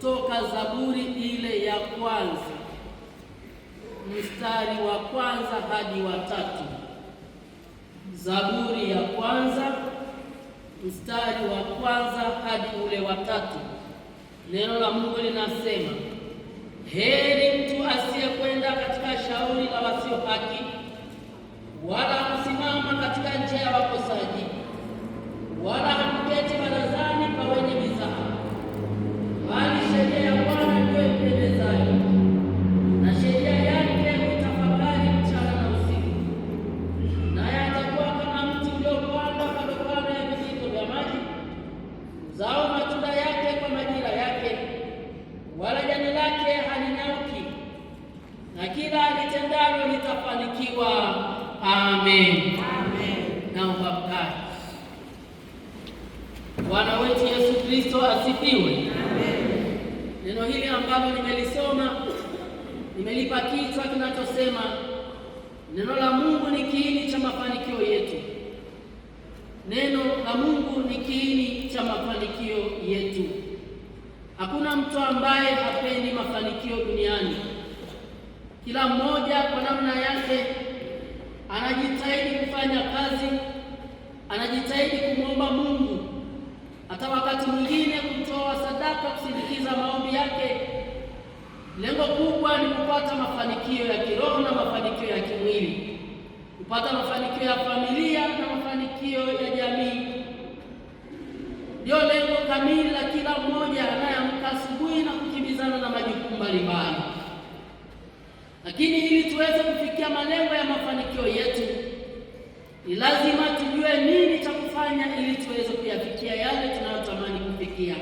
kutoka Zaburi ile ya kwanza mstari wa kwanza hadi wa tatu. Zaburi ya kwanza mstari wa kwanza hadi ule wa tatu. Neno la Mungu linasema, heri mtu asiyekwenda katika shauri la wasio haki, wala kusimama katika njia ya wakosaji, wala hakuketi Hakuna mtu ambaye hapendi mafanikio duniani. Kila mmoja kwa namna yake anajitahidi kufanya kazi, anajitahidi kumwomba Mungu, hata wakati mwingine kutoa sadaka kusindikiza maombi yake. Lengo kubwa ni kupata mafanikio ya kiroho na mafanikio ya kimwili, kupata mafanikio ya familia na mafanikio ya jamii. Ndio lengo kamili la kila mmoja anayeamka asubuhi na kukimbizana na majukumu mbalimbali. Lakini ili tuweze kufikia malengo ya mafanikio yetu, ni lazima tujue nini cha kufanya ili tuweze kuyafikia yale tunayotamani kufikia.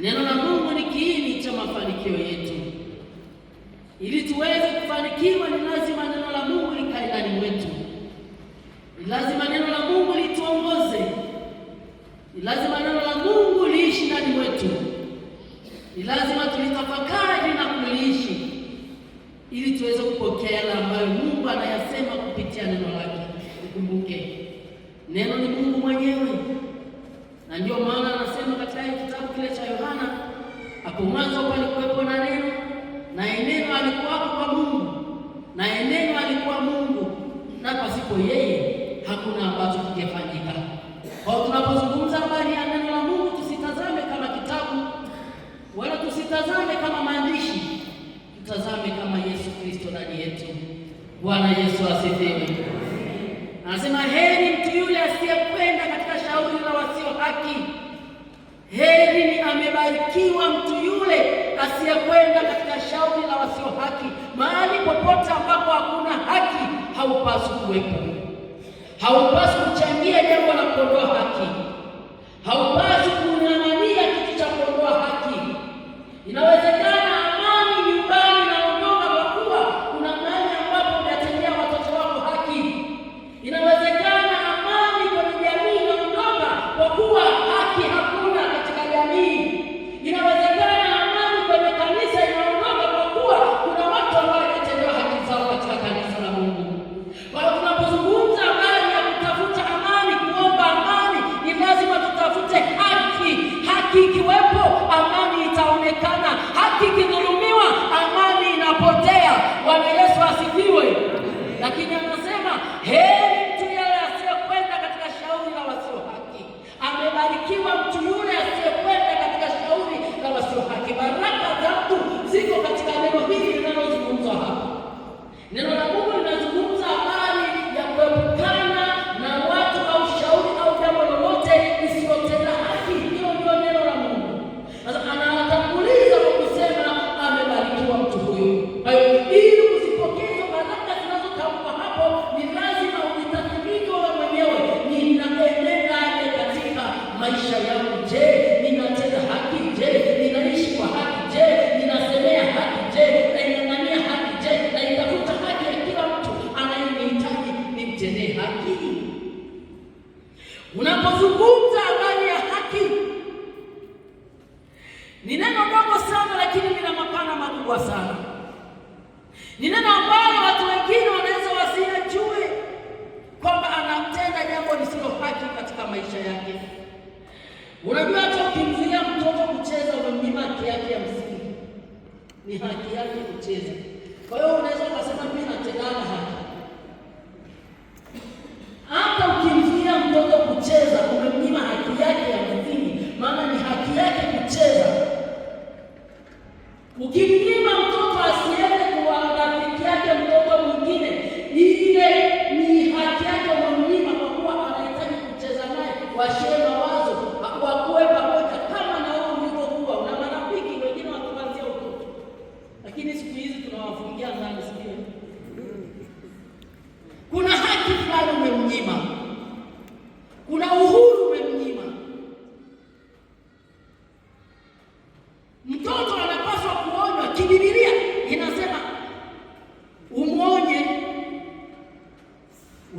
Neno la Mungu ni kiini cha mafanikio yetu. Ili tuweze kufanikiwa, ni lazima neno la Mungu likae ndani mwetu, ni lazima neno la Mungu ni lazima neno la Mungu liishi ndani mwetu, ni lazima tulitafakari na kuliishi ili tuweze kupokea yale ambayo Mungu anayasema kupitia neno lake. Ukumbuke neno ni Mungu mwenyewe, na ndio maana anasema katika kitabu kile cha Yohana, hapo mwanzo palikuwepo na neno, na neno alikuwa kwa Mungu, na neno alikuwa Mungu, na pasipo yeye haupaswi kuchangia jambo la kuondoa haki, haupaswi asifiwe, lakini anasema hey,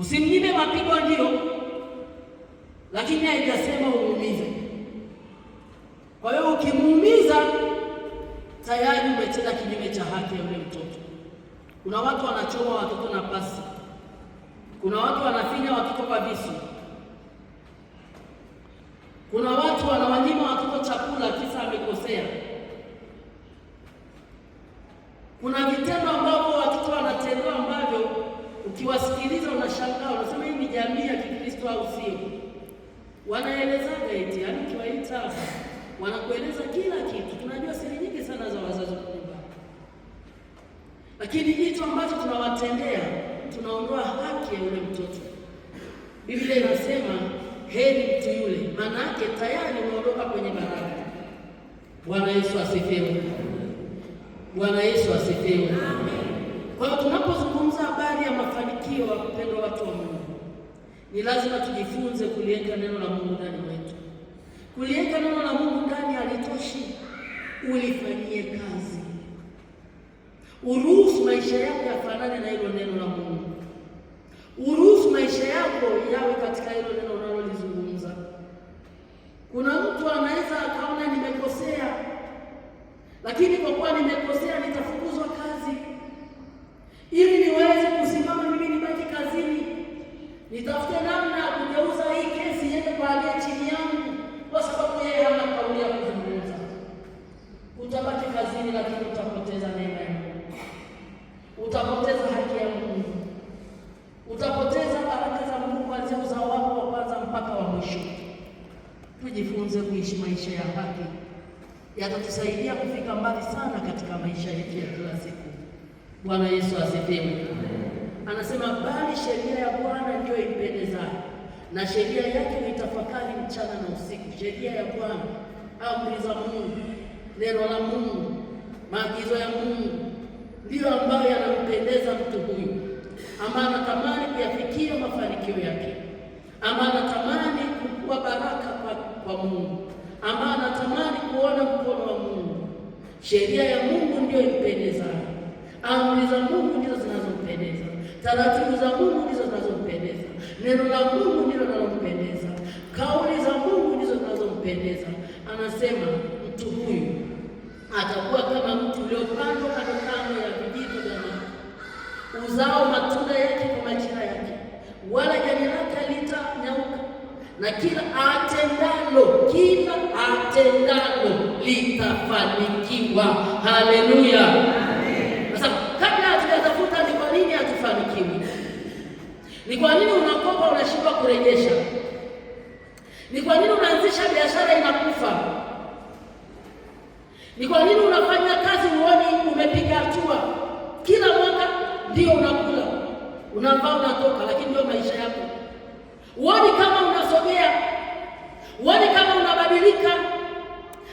Usimnyime mapigo ndio, lakini haijasema umuumize. Kwa hiyo ukimuumiza tayari umetenda kinyume cha haki ya yule mtoto. Kuna watu wanachoma watoto na pasi, kuna watu wanafinya watoto kwa visu, kuna watu wanawanyima watoto chakula kisa amekosea. Kuna vitendo Ukiwasikiliza unashangaa, unasema hii ni jamii ya Kikristo au sio? Wanaelezaga eti, yaani ukiwaita wanakueleza kila kitu. Tunajua siri nyingi sana za wazazi wa lakini kitu ambacho tunawatendea tunaondoa haki ya yule mtoto. Biblia inasema heri mtu yule, maana yake tayari umeondoka kwenye baraka. Bwana Yesu asifiwe! Bwana Yesu asifiwe! Amen. Kwa hiyo tunapozungumza habari ya mafanikio wa kupendwa watu wa Mungu, ni lazima tujifunze kuliweka neno la Mungu ndani mwetu. Kuliweka neno la Mungu ndani halitoshi, ulifanyie kazi, uruhusu maisha yako yafanane na hilo neno la Mungu, uruhusu maisha yako yawe katika hilo neno sheria ya Bwana ndiyo impendezayo, na sheria yake huitafakari mchana na usiku. Sheria ya Bwana, amri za Mungu, neno la Mungu, maagizo ya Mungu ndiyo ambayo yanampendeza mtu huyu, ambaye anatamani kuyafikia mafanikio yake, ambaye anatamani kukuwa baraka kwa, kwa Mungu, ambaye anatamani kuona mkono wa Mungu. Sheria ya Mungu ndiyo impendezayo, amri za Mungu ndizo zinazompendeza. Taratibu za Mungu ndizo zinazompendeza. Neno la Mungu ndilo linalompendeza. Kauli za Mungu ndizo zinazompendeza. Anasema mtu huyu atakuwa kama mtu uliopandwa kando kando ya vijito vya maji, uzao matunda yake kwa majira yake, wala jani lake halitanyauka, na kila atendalo, kila atendalo litafanikiwa. Haleluya! Ni kwa nini unakopa unashindwa kurejesha? Ni kwa nini unaanzisha biashara inakufa? Ni kwa nini unafanya kazi uoni umepiga hatua? Kila mwaka ndio unakula unavaa, unatoka, lakini ndio maisha yako. Uoni kama unasogea, uoni kama unabadilika,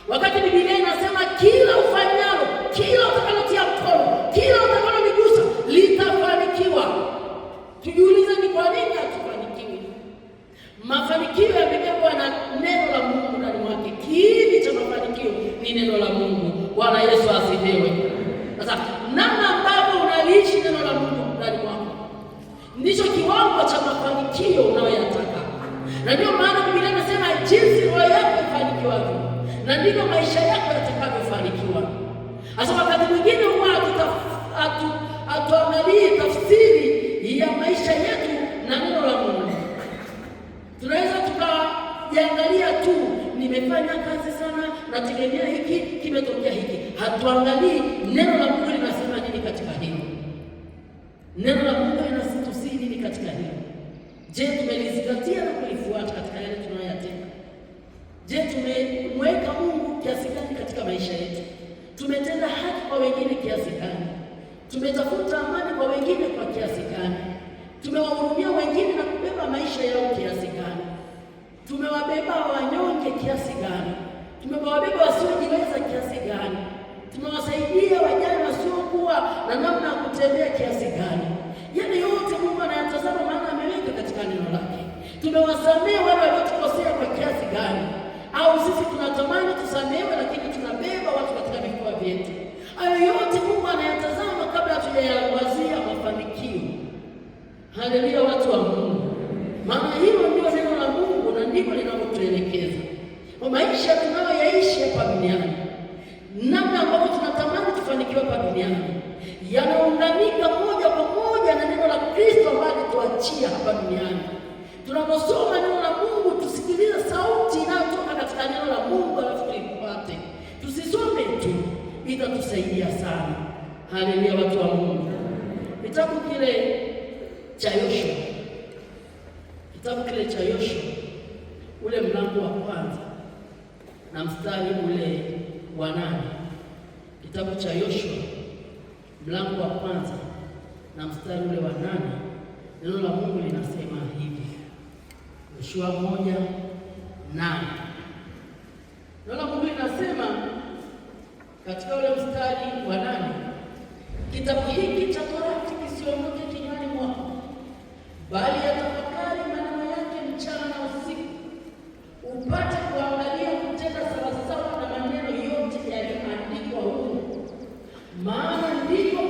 wakati Biblia inasema kila ufanyalo, kila utakalotia mkono, kila utakaloligusa litafanikiwa. Tujue ni neno la Mungu. Bwana Yesu asifiwe. Sasa namna ambavyo unaliishi neno la Mungu ndani mwako ndicho kiwango cha mafanikio unayoyataka, na ndio maana Biblia inasema jinsi roho yako ifanikiwavyo na ndivyo maisha yako yatakavyofanikiwa. Sasa wakati mwingine huwa hatuangalii tafsiri ya maisha yetu nimefanya kazi sana, nategemea hiki, kimetokea hiki. Hatuangalii neno la Mungu linasema nini katika hilo, neno la Mungu linasitusii nini katika hilo. Je, tumelizingatia na kulifuata katika yale tunayoyatenda? Je, tumemweka Mungu kiasi gani katika maisha yetu? Tumetenda haki kwa wengine kiasi gani? Tumetafuta amani kwa wengine kwa kiasi gani? Tumewahurumia wengine na kubeba maisha yao kiasi gani? Tumewabeba wanyonge kiasi gani? Tumewabeba wasiojiweza kiasi gani? Tumewasaidia wajane wasiokuwa na namna ya kutembea kiasi gani? Yani yote Mungu anayatazama, maana ameweka katika neno lake. Tumewasamehe wale waliotukosea kwa kiasi gani? Au sisi tunatamani tusamehewe, lakini tunabeba watu katika vifua vyetu. Hayo yote Mungu anayatazama kabla hatujayawazia mafanikio. Haleluya, watu wa kutusaidia sana. Haleluya, watu wa Mungu. Kitabu kile cha Yoshua, kitabu kile cha Yoshua ule mlango wa kwanza na mstari ule wa nane. Kitabu cha Yoshua mlango wa kwanza na mstari ule wa nane, neno la Mungu linasema hivi, Yoshua moja nane katika ule mstari wa nane, kitabu hiki cha Torati kisiondoke kinywani mwako, bali yatafakari maneno yake mchana na usiku, upate kuangalia kutenda sawasawa na maneno yote yaliyoandikwa huu maana ndiko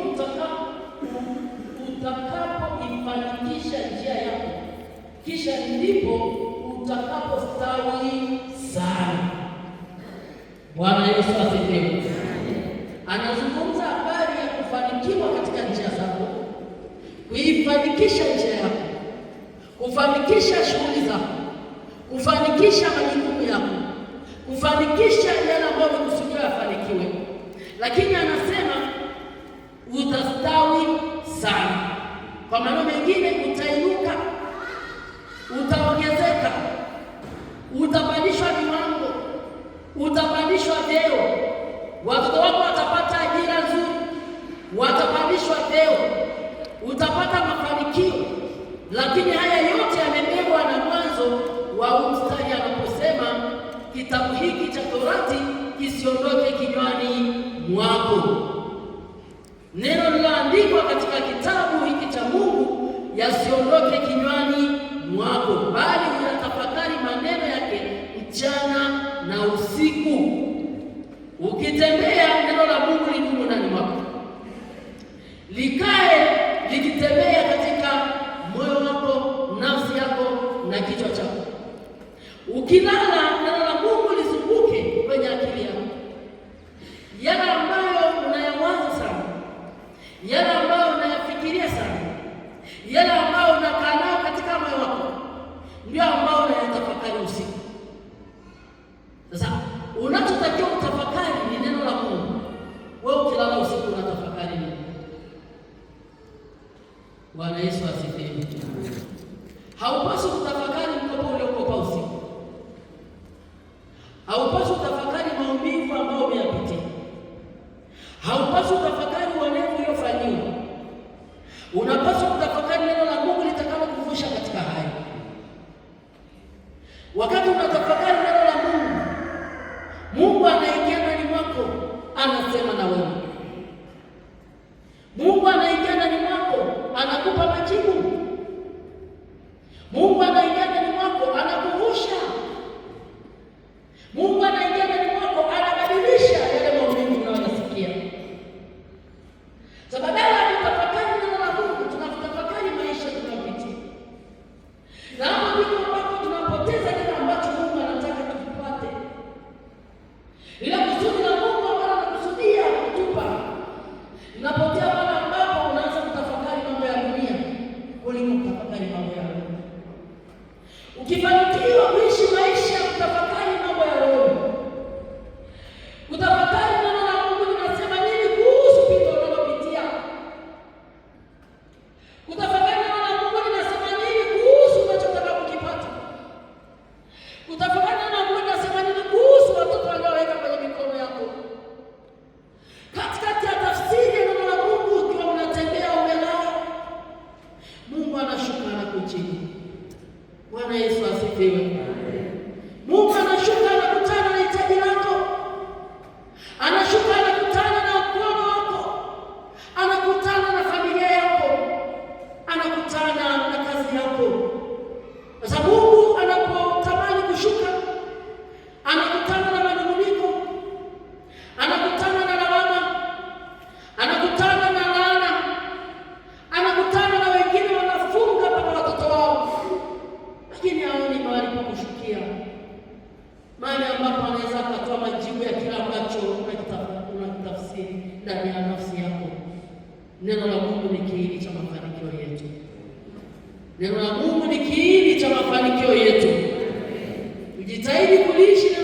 utakapoifanikisha njia yako, kisha ndipo utakapostawi sana. Bwana Yesu asifiwe anazungumza habari ya kufanikiwa katika njia zako, kuifanikisha njia yako, kufanikisha shughuli zako, kufanikisha majukumu yako, kufanikisha yale ambayo umekusudia yafanikiwe, lakini anasema utastawi sana. Kwa maana mengine, utainuka, utaongezeka, utapandishwa viwango, utapandishwa deo, watoto wako Lakini haya yote yamebebwa na mwanzo wa mstari anaposema, kitabu hiki cha Torati kisiondoke kinywani mwako. Neno lililoandikwa katika kitabu hiki cha Mungu yasiondoke kinywani mwako, bali uyatafakari maneno yake mchana na usiku ukitembea pale ambapo anaweza akatoa majibu ya kila ambacho unakitafsiri ndani ya nafsi yako. Neno la Mungu ni kiini cha mafanikio yetu. Neno la Mungu ni kiini cha mafanikio yetu. Ujitahidi kuliishi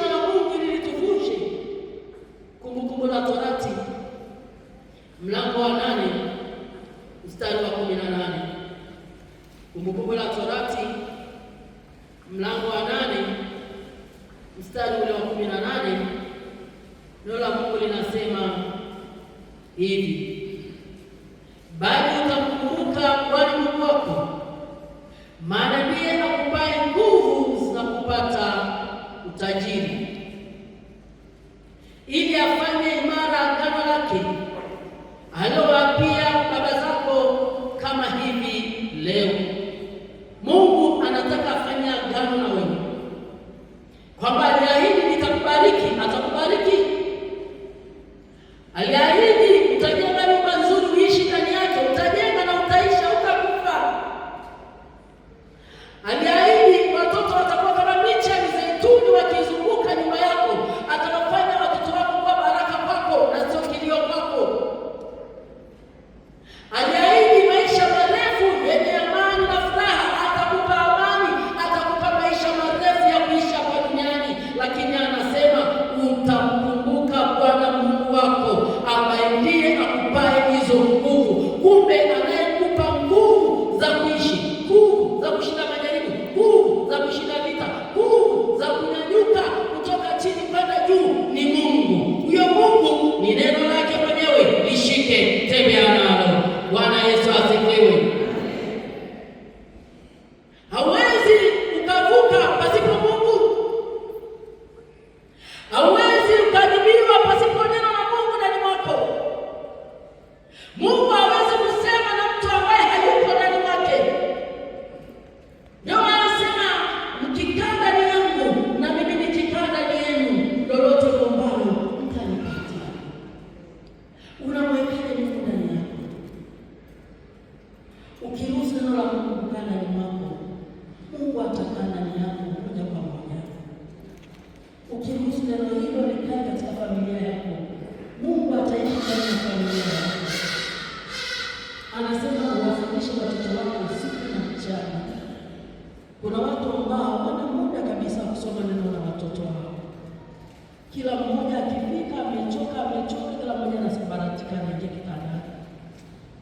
Kila mmoja akifika amechoka, amechoka, kila mmoja anasambaratika, anaingia kitandani.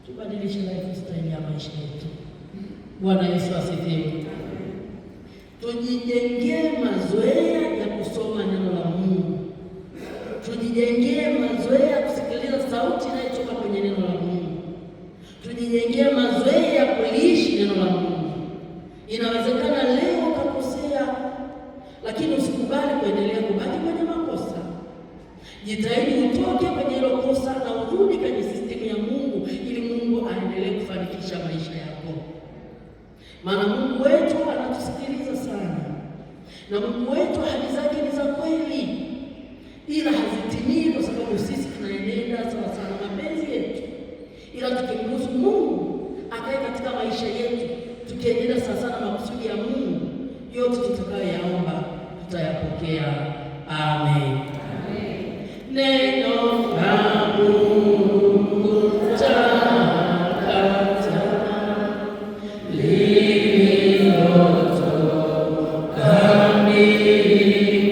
Tubadilishe lifestyle ya maisha yetu. Bwana Yesu asifiwe. Tujijengee mazoezi kusikiliza sana, na Mungu wetu ahadi zake ni za kweli, ila hazitimii kwa sababu sisi tunaenenda sawa sawa na mapenzi yetu, ila tukimruhusu Mungu akae katika maisha yetu, tukienenda sawa sawa na makusudi ya Mungu, yote tutakayoyaomba tutayapokea. Amen, amen.